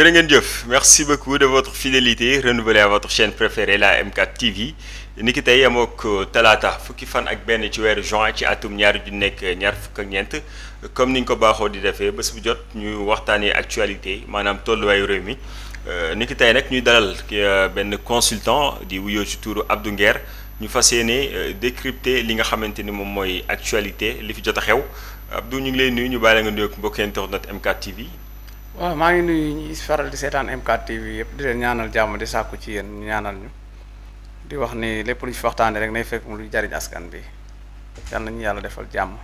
jërë ngeen jëf merci beaucoup de votre fidélité renouvelée à votre chaîne préférée la M4 TV ni ki tey yemook euh, talaata fukki fan ak benn ci weer juin ci atum ñaari ju nekk euh, ñaar fukk ak ñeent comme ni ñu ko baaxoo di defee bés bu jot ñu waxtaanee actualité maanaam waayu réew mi euh, ni ki tey nag ñuy dalal benn consultant di wuyoo ci tuuru Abdou Nguer ñu fas yéene décrypter li nga xamante ni moom mooy actualité li fi jot a xew Abdou ñu ngi lay nuyu ñu bàyyi la nga nuyoog mbokki internet M4 TV. waaw maa ngi nuyu ñi faral di seetaan MK TV yëpp di leen ñaanal jàmm di sàkku ci yéen ñaanal ñu di wax ni lépp lu fi waxtaanee rek nay fekk mu lu jariñ askan bi yal nañu yàlla defal jàmm.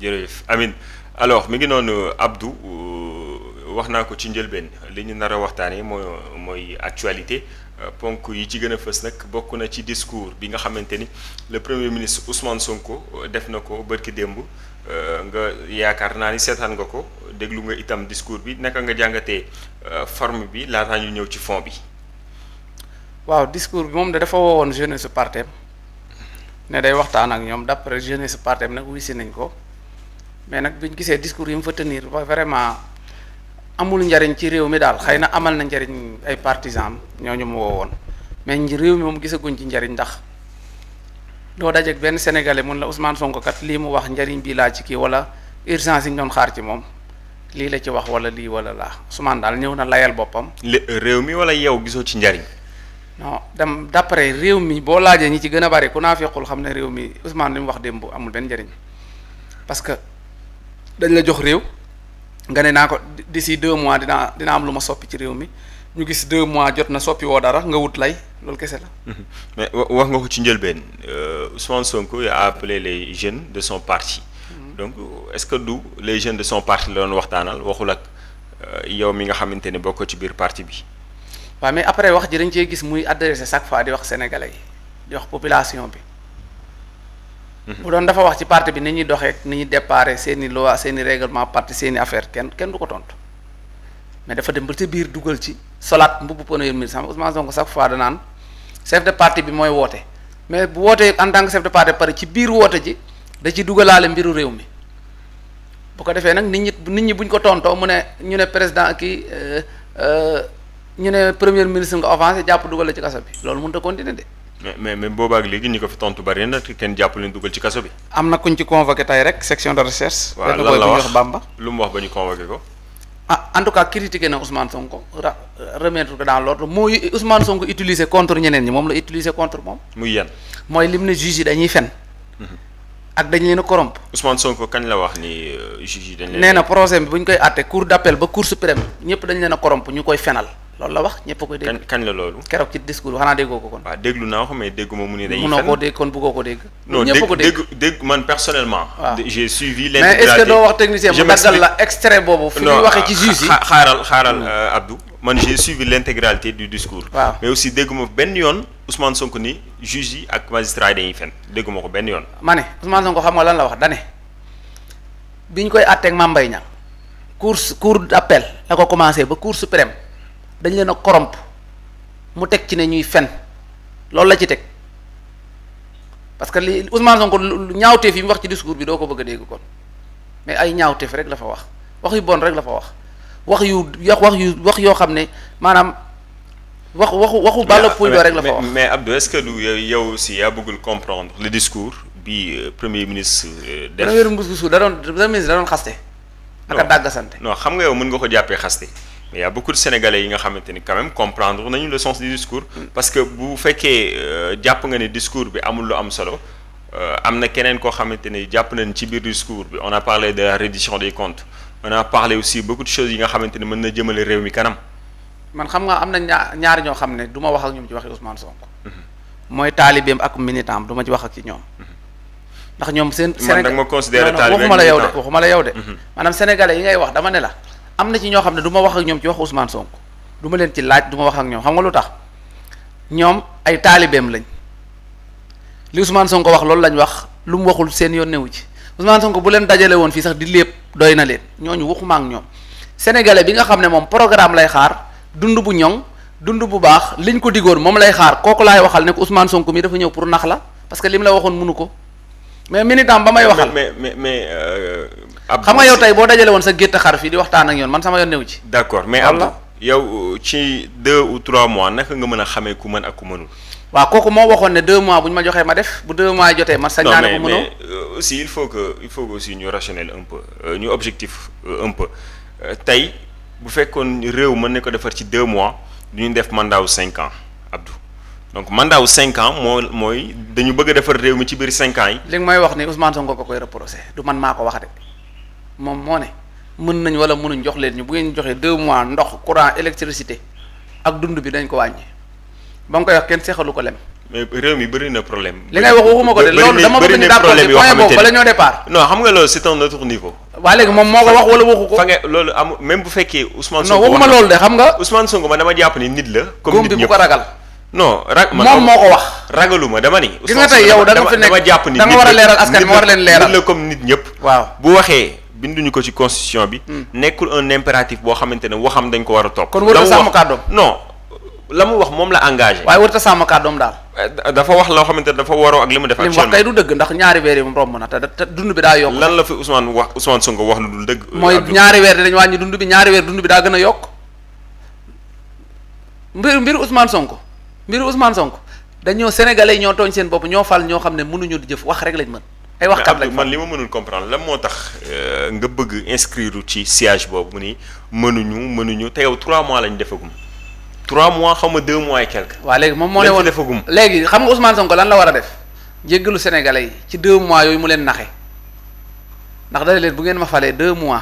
jërëjëf amin alors mi ngi noonu Abdou euh, wax naa ko ci njëlbeen li ñu nar a waxtaanee moo mooy actualité euh, ponk yi ci gën a fës nag bokk na ci discours bi nga xamante ni le premier ministre Ousmane Sonko euh, def na ko ki démb. Euh, nga yaakaar naa ni seetaan nga ko déglu nga itam discours bi naka nga jàngatee euh, forme bi laa laataa ñu ñëw ci fond bi. waaw discours bi moom de dafa woowoon jeunesse partem ne day waxtaan ak ñoom d'après jeunesse partem nag wisi nañ ko mais nag biñ gisee discours yi mu fa tenir ba vraiment amul njariñ ci réew mi daal xëy na amal na njariñ ay ñoo ñu mu woowoon mais réew mi moom gisaguñ ci njariñ ndax. doo dajeeg benn sénégalais mun la Ousmane Sonko kat lii mu wax njariñ bi laa ci kii wala urgence yi ñu doon xaar ci moom lii la ci wax wala lii wala laa Ousmane daal ñëw na layal boppam. réew mi wala yow gisoo ci njariñ. non dem d'après réew mi boo laajee ñi ci gën a bari ku naa fekkul xam ne réew mi Ousmane li mu wax démb amul benn njariñ parce que dañ la jox réew nga ne naa ko d'ici deux mois dinaa dina am lu ma soppi ci réew mi. ñu gis deux mois jot na soppi woo dara nga wut lay loolu kese la. Mhm. mais wax nga ko ci njëlbeen euh, Ousmane Sonko a appelé les jeunes de son parti. Mhm. donc est-ce que du les jeunes de son parti la doon waxtaanal waxul ak euh, yow mi nga xamante ne ko ci biir parti bi. waaw mais après wax ji dañ cee gis muy adressé chaque fois di wax sénégalais yi di wax population bi. Mhm. bu doon dafa wax ci parti bi ni ñuy doxee ni ñuy déparé seeni i loi seen i règlement parti seen i affaire kenn kenn du ko tontu mais dafa dem biir dugal ci. solaat mbubu premier ministre xam Ousmane Sonko chaque fois danaan chef de parti bi mooy woote mais bu wootee en tant que chef de parti pare biir woote ji da ci dugalaale mbiru réew mi bu ko defee nag nit ñi nit ñi buñ ko tontoo mu ne ñu ne président kii euh, euh, ñu ne premier ministre nga avancé jàpp dugale ci kaso bi loolu mënut a de. mais mais boobaak léegi ñi ko fi tontu bari na kenn jàpp leen dugal ci kaso bi. am na kuñ ci convoqué tey rek section d recherche. waaw lan la wax lu mu wax ba ñu convoqué ko. ah en tout cas critiqué na Ousmane Sonko remettre ko dans l'ordre mooy Ousmane Sonko utilisé contre ñeneen ñi moom la utiliser contre moom. muy yan mooy lim ne juge yi dañuy fen mhm. ak dañ leen a corrompre. Ousmane Sonko kañ la wax ni euh, juge yi dañ leen nee na procès bu ñu koy àtte cour d'appel ba cour suprême ñëpp dañ leen a corrompre ñu koy fenal. loolu la wax ñëpp a koy dégg. kañ la loolu. keroog ci discours xanaa déggoo ko kon. waaw ko mais dégguma mu ne dañuy. fenn munoo koo dégg ko dégg. ñëpp ko dégg non dégg dégg man personnellement. waaw j'ai wax technicien mu daggal la extrait boobu. fi ñuy waxee ah, ci juge yi xaaral xaaral hmm. euh, Abdou. man j'ai suivi l'intégralité du discours. waaw mais aussi benn yoon Ousmane Sonko ni juge yi ak magistrat yi dañuy fen dégguma ko benn yoon. ma ne Ousmane Sonko xam nga lan la wax dane bi ñu koy àtteeg Mame Mbaye Niang cour cour d'appel la ko commencé ba cour suprême dañ leen a corrompre mu teg ci ne ñuy fen loolu la ci teg parce que li Ousmane Sonko ñaawteef yi mu wax ci discours bi doo ko bëgg a dégg kon mais ay ñaawteef rek la fa wax wax yu bon rek la fa wax wax yu wax yu wax yoo xam ne maanaam wax waxu waxu bàll fuy rek la fa wax mais Abdou est-ce que du yow aussi yaa bëggul comprendre le discours bi euh, premier ministre euh, def premier ministre da doon premier ministre da doon xaste ak a dàgg sante non xam nga yow mën nga ko jàppee xaste mais y a beaucoup de sénégalais yi nga xamante ni quand même comprendre nañu le sens du discours. parce que bu fekkee euh, jàpp nga ne discours bi amul lu am solo euh, am na keneen koo xamante ni jàpp nañ ci biir discours bi on a parlé de la reddition des comptes on a parlé aussi beaucoup de yi nga xamante ni mën na jëmale réew mi kanam. man xam nga am na ñaar ñaari ñoo xam ne du ma wax ak ñoom ci waxi Ousmane Sonko. Mhm. mooy taalibeem ak militant du ma ci wax ak ci ñoom. Mhm. ndax ñoom seen. Sénégal man da nga ma considéré taalibe waxuma la yow de waxuma la yow mhm. yi ngay wax dama ne la. am na ci ñoo xam ne duma ma wax ak ñoom ci wax Ousmane Sonko du ma leen ci laaj duma ma wax ak ñoom xam nga lu tax ñoom ay taalibeem lañ li Ousmane Sonko wax loolu lañ wax lu mu waxul seen yoon newu ci Ousmane Sonko bu leen dajale woon fii sax di lépp doy na leen ñooñu waxuma ak ñoom sénégalais bi nga xam ne moom programme lay xaar dund bu ñoŋ dund bu baax liñ ko digoon moom lay xaar kooku laay waxal ne ko Ousmane Sonko mi dafa ñëw pour nax la parce que lim la waxoon mënu ko mais militant ba may waxal mais mais mais euh, ab xam nga yow tey boo dajale woon sa gétt xar fii di waxtaan ak yoon man sama yoon newu ci. d'accord mais Abdou yow euh, ci deux ou trois mois naka nga mën a xamee ku mën ak ku mënul. waaw kooku moo waxoon ne deux mois bu ñu ma joxee ma def bu deux mois jotee ma sa ñaane ko mënoo euh, aussi il faut que aussi ñu rationnel un peu euh, ñu objectif un tey bu fekkoon réew mën na ko defar ci deux mois du ñu def mandat wu cinq ans Abdou donc mandat wu moo mooy dañu bëgg a defar réew mi ci biir cinq ans yi. li nga may wax ni Ousmane ko koy reproché man maa ko wax de. moom moo ne mën nañ wala mënuñ jox leen ñu bu ngeen joxee deux mois ndox courant électricité ak dund bi dañ ko wàññi ba nga koy wax kenn seexalu ko lem. mais réew mi bari na problème. li ngay wax waxuma ko de loolu dama bëgg ñu d'accord ci point boobu bala ñoo départ. non xam nga wax wala waxu ko. fa nga loolu am loolu de xam nga. Ousmane Sonko ma dama ni nit la. ko ragal. non rag man ko wax. ragalu ma dama ni. gis yow da nga fi nekk dama jàpp ni nit la da a ma war leen leeral nit comme nit ñëpp. waaw bu waxee binduñu ko ci constitution bi. Hmm. nekkul un impératif boo xamante ne waxam dañ ko war a topp. kon warut a sàmm kàddoom non la mu wax moom la engagé. waaye warut a sàmm kàddoom daal. Eh, dafa wax loo xamante ne dafa waroo ak li mu def. actuellement li mu wax kay du dëgg ndax ñaari weer yi moom romb na te dund bi daa yokk. lan la fi Ousmane wax Ousmane Sonko wax lu dul dëgg. mooy ñaari weer dañu wàññi dund bi ñaari weer dund bi daa gën a yokk mbir mbiru Ousmane Sonko mbiru Ousmane Sonko dañoo sénégalais ñoo tooñ bopp ñoo fal ñoo xam ne mënuñu di jëf wax rek lañ mën ay waxkat lañ man li ma mënul comprendre lan moo tax euh, nga bëgg inscrire ci siège boobu mu ni mënuñu mënuñu te yow trois mois lañ defagum 3 mois xaw ma 2 mois et quelque. waaw léegi moom moo ne woon defagum. léegi xam nga Ousmane Sonko lan la war a def jéggalu Sénégalais yi ci 2 mois yooyu mu leen naxe ndax da leen bu ngeen ma falee 2 mois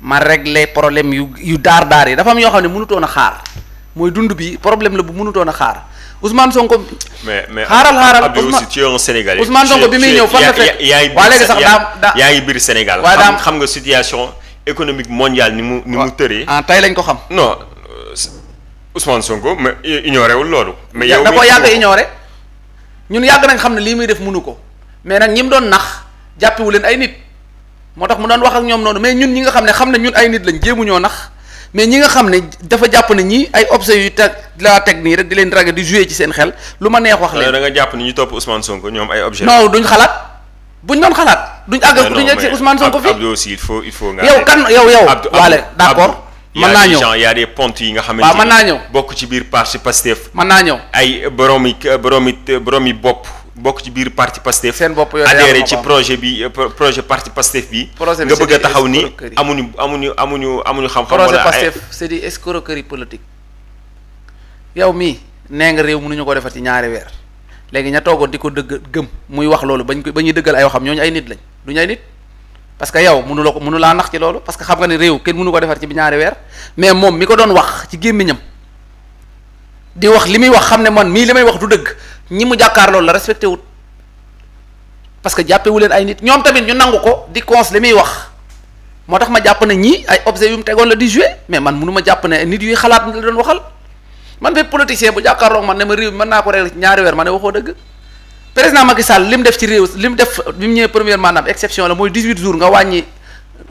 ma régler problème yu yu daar daar yi dafa am yoo xam ne mënutoon a xaar mooy dund bi problème la bu mënutoon a xaar. Ousmane Sonko. mais mais xaaral xaaral Abdou aussi tu es Sonko bi muy ñëw fan la fekk waa léegi sax daam daa yaa ngi biir Sénégal. waaye daam xam nga situation économique mondial ni mu ni mu tëree. ah tey lañ ko xam. non euh, Ousmane Sonko ma ignoré wul loolu. mais yow da koo yàgg ignoré ñun yàgg nañ xam ne lii muy def mënu ko mais nag ñi mu doon nax jàppewu leen ay nit moo tax mu doon wax ak ñoom noonu mais ñun ñi nga xam ne xam ne ñun ay nit lañ ñoo nax mais ñi nga xam ne dafa jàpp na ñi ay objet yu teg laa teg nii rek di leen draguer di jouer ci seen xel lu ma neex wax leen da jàpp ni ñu topp Ousmane Sonko ñoom ay objet non duñ xalaat buñ doon xalaat duñ àgg duñ egg si Ousmane Sonko fii Abdou aussi il faut il faut kan yow yow waale d'accord mën naa ñëw y a pontes yi nga xamante ni mën naa ñëw bokk ci biir parti Pastef mën naa ñëw ay boroomi boroomi boroomi bopp bokk ci biir parti Pastef seen bopp yooyu adhéré ci projet bi euh, projet parti Pastef bi nga bëgg a taxaw ni amuñu amuñu amuñu amuñu xam-xam projet Pastef c'est di escroquerie politique yow mii nee nga réew mënuñu ko defar ci ñaari weer léegi ña toogoon di ko dëgg gëm muy wax loolu bañ ko ba ñuy dëggal ay waxam ñooñu ay nit lañ duñu ay nit parce que yow mënu la ko mënu laa nax ci loolu parce que xam nga ne réew kenn mënu ko defar ci bi ñaari weer mais moom mi ko doon wax ci gémmiñam di wax li muy wax xam ne man mii li may wax du dëgg ñi mu jàkkaar loolu la respecté wut parce que jàppewu leen ay nit ñoom tamit ñu nangu ko di cons li muy wax moo tax ma jàpp na ñi ay objet yu mu tegoon la di joué mais man mënu ma jàpp ne nit yuy xalaat la doon waxal man bépp politicien bu jàkkaarloog man ne ma réew mi naa ko régler ci ñaari weer ma ne waxoo dëgg président Macky Sall li mu def ci réew li mu def bi mu ñëwee première maanaam exception la mooy 18 jours nga wàññi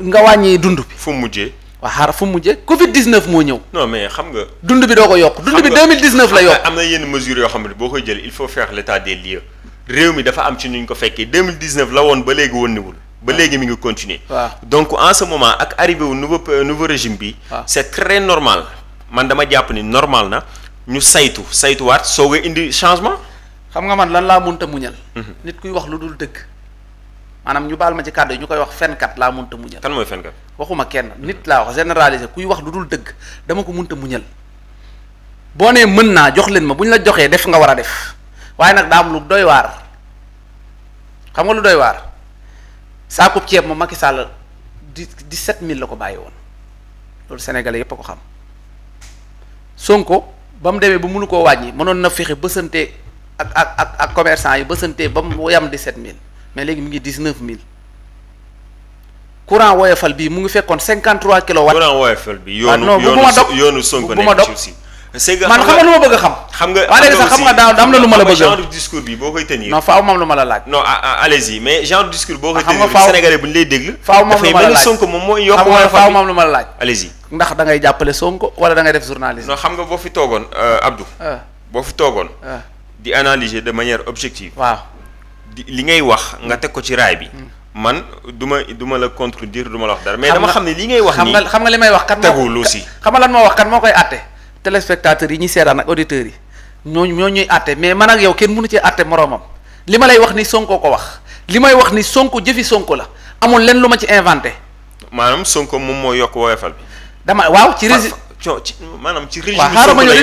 nga wàññi dund bi fu mu mujjee waa xaar fu mu mujjee Covid 19 moo ñëw. non mais xam nga. dund bi doo ko yokk dund bi 2019 la yokk. am na yenn mesures yoo xam ne boo koy jël il faut faire l' état des lieux réew mi dafa am ci nuñ ko fekkee 2019 la woon ba léegi wënniwul. ba léegi mi ngi continuer waaw donc en ce moment ak arrivé wu nouveau euh, nouveau régime bi. waaw c' est normal man dama jàpp ni normal na ñu saytu saytuwaat soog a indi changement. xam nga man lan laa mënta muñal. Mhm. nit kuy wax lu dul dëgg. maanaam ñu baal ma ci kàddu yi ñu koy wax fenkat laa munta muñal kan mooy fenkat waxuma kenn nit laa wax généraliser kuy wax lu dul dëgg dama ko munta muñal boo nee mën naa jox leen ma bu ñu la joxee def nga war a def waaye nag daa lu doy waar xam nga lu doy waar saakub ceeb ma Macky Sall di dix-sept mille la ko bàyyi woon loolu sénégalais yépp a ko xam Sonko ba mu demee ba mënu koo wàññi mënoon na fexe bësante ak ak ak ak commerçant yi bësante ba mu yam dix-sept mille mais léegi mu ngi dix neuf mille courant woyofal bi mu ngi fekkoon cinquante trois kilowatts. courant woyofal bi yoonu yoonu Sonko nekk ci aussi man xam nga lu ma bëgg xam. xam nga am na sax xam nga na lu ma la bëgg genre discours bi boo koy tenir. non faaw moom lu ma la laaj. non allez-y mais genre discours boo dégg. Ah, faaw moom mooy yokk. ma la laaj. allez-y ndax da ngay jàppale Sonko wala da ngay def journalisme. non xam nga boo fi toogoon euh, Abdou. Euh. boo fi toogoon. Euh. di analyser de manière objective. waaw. li ngay wax nga teg ko ci raay bi. Hmm. man du ma du ma la contredire du ma la wax dara. mais dama xam ne li ngay wax nii. xam nga xam nga li may wax kan moo teguwul aussi. lan moo wax kan moo koy àtte. téléspectateurs yi ñuy seetaan ak auditeurs yi ñooñu ñoo ñuy àtte mais man ak yow kenn mënu cee àtte moroomam li ma lay wax ni Sonko ko wax li may wax ni Sonko jëfi Sonko la amoon lenn lu ma ci inventé. maanaam Sonko moom moo yokk woyofal bi. dama waaw ci rési. ci maanaam ci régime. Sonko la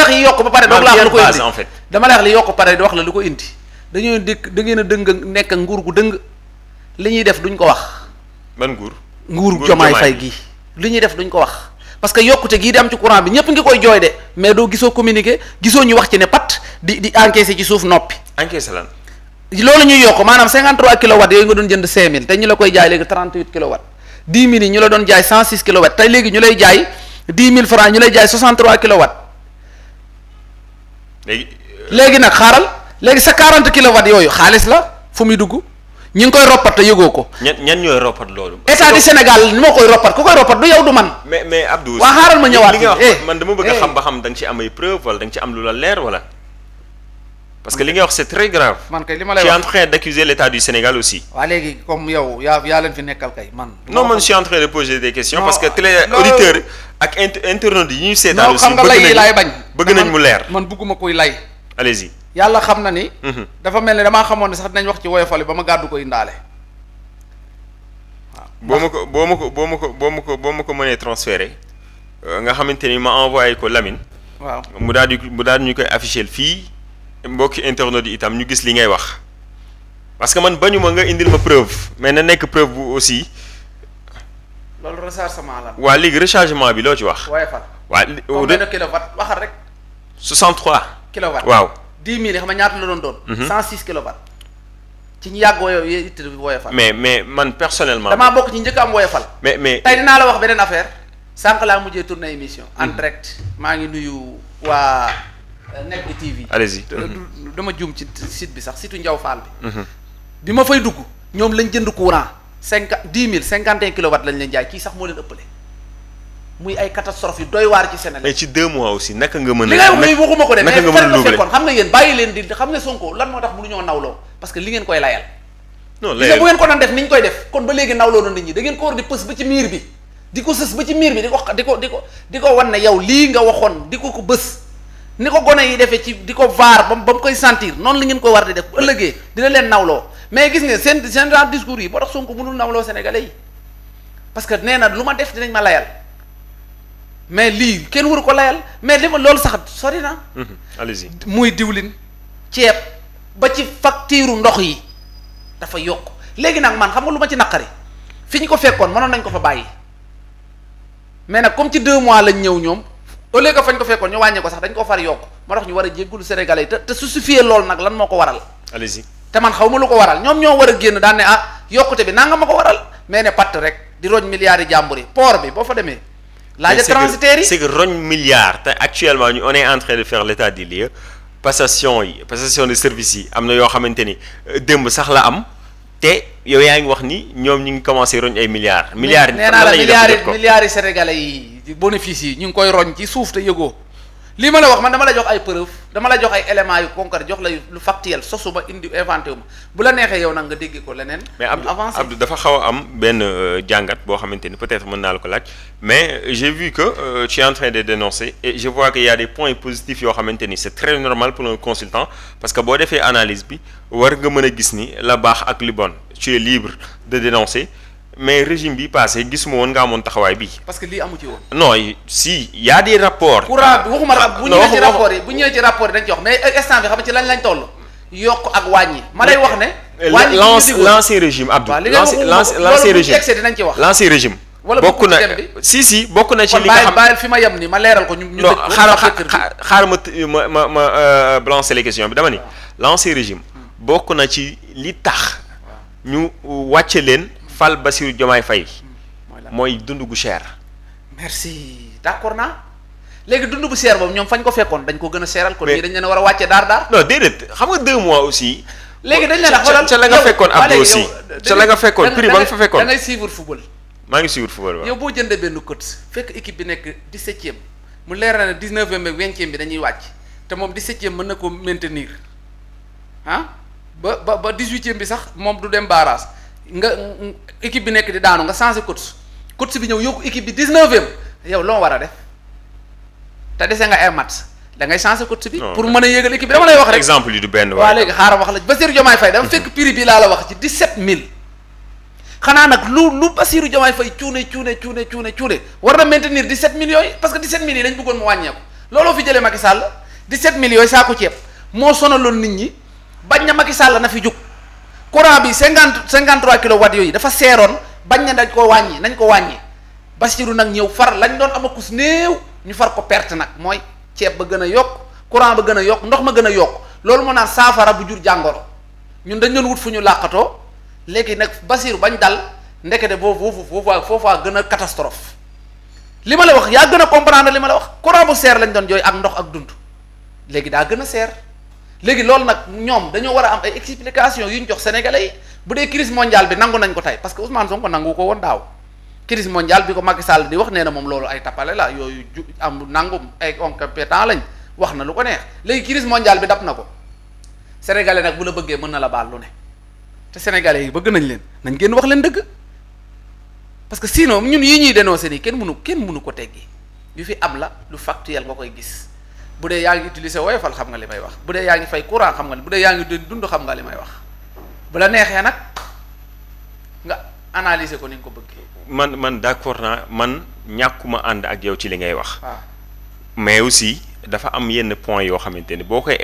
yokkee li yokk ba pare. doog la wax lu ko indi wax la lu ko indi dañoo dëkk da ngeen a dëng nekk nguur gu dëng li ñuy def duñ ko wax. man nguur. nguur jomaay fay gii li ñuy def duñ ko wax parce que yokkute gii dem ci courant bi ñëpp ngi koy jooy de mais doo gisoo communiqué gisoo ñu wax ci ne pat di di encaissé ci suuf noppi. encaissé lan. loolu ñuy yokk maanaam 53 kilowatts yooyu nga doon jënd 5000 te ñu la koy jaay léegi 38 kilowatts 10 000 yi ñu la doon jaay 106 kilowatts te léegi ñu lay jaay 10 000 francs ñu lay jaay 63 kilowatts. Euh, léegi. nag xaaral. léegi sa 40 kilowatts yooyu xaalis la fu muy dugg ñi ngi koy roppat te yëgoo ko. ñan ñan ñooy roppat loolu. état du Sénégal moo koy roppat ku koy roppat du yow du man. mais mais Abdou. waa xaaral ma ñëwaat li nga wax man dama bëgg a eh, eh. xam ba xam da nga ci am ay preuve wala da nga ci am lu la leer wala. parce que li nga wax c'est très grave. man kay li ma lay wax je suis en train d'accuser l'état du Sénégal aussi. waa léegi comme yow yaa leen fi nekkal kay man. non man je suis en train de poser des questions. parce que télé auditeurs ak inter internautes yi ñuy seetaan bëgg nañ mu leer. man bëgguma koy lay. allez-y yàlla xam na ni. Mhm. dafa mel ni damaa xamoon ne sax dinañ wax ci woyofal ba ma gàddu ko indaale. boo ma ko boo ma ko boo ma ko boo ma ko ma ko mënee transféré euh, nga xamante ni ma envoyé ko Lamine. waaw mu daal di mu daal ñu koy afficher fii mbokki internautes yi itam ñu gis li ngay wax. parce que man bañu ma nga indil ma preuve mais na nekk preuve bu aussi. loolu rechargement la. waa léegi rechargement bi loo ci wax. woyofal. waa li 63 kilowatts waxal rek. 63. kilowatts waaw. dix mille xam nga ñaata la doon doon. Mhm. cent six kilowatt ci ñu yàgg wooyoo yéen it wooyafal. mais mais man personnellement. damaa bokk ci njëkk am fal mais mais tey dinaa la wax beneen affaire sànq laa mujjee tourné émission. en mhm. direct maa ngi nuyu waa euh, Net bi TV. allez-y euh, dama juum ci site bi sax situ Njaw Faal bi. Mhm. bi ma fay dugg ñoom lañ jënd courant cinq dix mille cinquante et un lañ leen jaay kii sax moo leen ëppale. muy ay catastrophe yu doy waar ci Sénégal. mais ci deux mois aussi naka nga mën a. li na nit ñi da ngeen ko war di pës ko sës ba ci miir bi ko di ko di ko defee ci di ko vaar ba ba mu koy sentir noonu la ngeen ko war di def dina leen nawloo mais gis nga seen seen genre discours yi boo tax Sonko mënul na lu ma def dinañ ma layal mais lii kenn waru ko layal mais li ma loolu sax sori na. Mhm. allez muy diwlin ceeb ba ci facture ndox yi dafa yokk léegi nag man xam nga lu ma ci naqari fi ñu ko fekkoon mënoon nañ ko fa bàyyi mais nag comme ci deux mois lañ ñëw ñoom au lieu que fañ ko fekkoon ñu wàññee ko sax dañ ko far yokk ma tax ñu war a jéggulu Sénégalais yi te te su suffisé loolu nag lan moo ko waral. allez te man xaw ma lu ko waral ñoom ñoo war a génn daan ne ah yokkute bi nanga ma ko waral mais ne patt rek di roñ milliards yi jàmbur yi port bi boo fa demee. laaj transitaires yi c'est que roñ milliard te actuellement ñu on est en train de faire l'état des lieux passation yi passation de service yi am na yoo xamante ni euh, démb sax la am te yow yaa ngi wax ni ñoom ñu ngi commencé roñ ay milliards milliards yi nee naa la milliards yi milliards yi sénégalais yi ñu ngi koy roñ ci suuf te yëgoo lii ma la wax man dama la jox ay preuve dama la jox ay éléments yu concret jox la lu factuel sosuma indi inventé wu bu la neexee yow nag nga dégg ko leneen. mais Abdou Abdou dafa xaw am benn euh, jàngat boo xamante ni peut-être mën naa la ko laaj mais euh, j'ai vu que euh, tu es en train de dénoncer et je vois que y a des points positifs yoo xamante ni c'est très normal pour un consultant parce que boo defee analyse bi war nga mën a gis ni la baax ak libon bon tu libre de dénoncer. mais régime bi passé gisuma woon nga amoon taxawaay bi parce que lii amu ci woon. non si y' a des rapports. courant bi waxuma rab bu ñëwee ci rapport yi bu ñëwee ci rapport yi dañ jox mais instant xam ci lañ lañ toll. yokk ak wàññi. ma lay wax ne. wàññi lance lancer régime Abdou. waaw li nga dinañ ci wax lancer régime. wala bokk na si si bokk na ci li nga xam ma yem ni ma leeral ko ñu ñu xaar xaar ma ma ma euh, lancer les questions bi dama ni lancer régime hmm. bokk na ci li tax ñu wàcce leen fal Bassirou Diomaye Faye mooy dund gu cher. merci d'accord naa léegi dund bu seer boobu ñoom fañ ko fekkoon dañ ko gën a seeral. kon ñii dañ leen war a wàcce daar daar. non déedéet xam nga deux mois aussi. léegi dañ leen a la nga fekkoon Abdou aussi ca la nga fekkoon prix ba nga fa fekkoon da ngay suivre football. maa ngi suivre football waaw. yow boo jëndee benn cote fekk équipe bi nekk dix-septième mu leer na ne dix-neuvième ak vingtième bi dañuy wàcc te moom dix-septième mën na ko maintenir ah ba ba ba dix-huitième bi sax moom du dem barrage nga équipe bi nekk di daanu nga changé coach coach bi ñëw yokku équipe bi dix-neuvième yow loo war a def te dese nga ay match da ngay changé coach bi. pour mën a yéegal équipe bi dama lay wax rek. exemple yi du benn waa léegi xaaral wax la Bassirou Diomaye Faye dama fekk prix bi laa la wax ci dix-sept mille xanaa nag lu lu Bassirou Diomaye Faye cuune cuune cuune cuune cuune war na maintenir dix-sept mille yooyu parce que dix-sept mille yi lañ bëggoon mu wàññeeku looloo fi jëlee Macky Sall dix nit ñi bañ na Macky Sall na fi jug. courant bi cinquante cinquante trois kilowatts yooyu dafa seeroon bañ na dañ ko wàññi nañ ko wàññi Basiru nag ñëw far lañ doon am akus néew ñu far ko perte nag mooy ceeb ba gën a yokk courant ba gën a yokk ndox ma gën a yokk loolu moo naan saafara bu jur jàngoro ñun dañ doon wut fu ñu làqatoo léegi nag Basiru bañ dal ndekete boobu foofu foofaa gën a catastrophe li ma la wax yaa gën a comprendre li ma la wax courant bu seer lañ doon jooy ak ak dund léegi daa gën a seer léegi loolu nag ñoom dañoo war a am ay explication yu ñu jox sénégalais yi bu dee crise mondiale bi nangu nañ ko tey parce que Ousmane Sonko nangu ko woon daaw crise mondiale bi ko Macky Sall di wax nee na moom loolu ay tappale la yooyu ju am nangu ay incompétent lañ wax na lu ko neex léegi crise mondiale bi dab na ko sénégalais nag bu la bëggee mën na la baal lu ne te sénégalais yi bëgg nañ leen nañ génn wax leen dëgg parce que sinon ñun yi ñuy denoo seen yi kenn mënu kenn mënu ko teggi yu fi am la lu factuel nga koy gis bu dee yaa ngi utiliser woyofal xam nga li may wax bu dee yaa ngi fay courant xam nga bu dee yaa ngi dund xam nga li may wax bu la neexee nag nga analyser ko ni nga ko bëggee. man man d'accord naa man ñàkkuma ànd ak yow ci li ngay wax. Ah. mais aussi dafa am yenn point yoo xamante ni boo koy.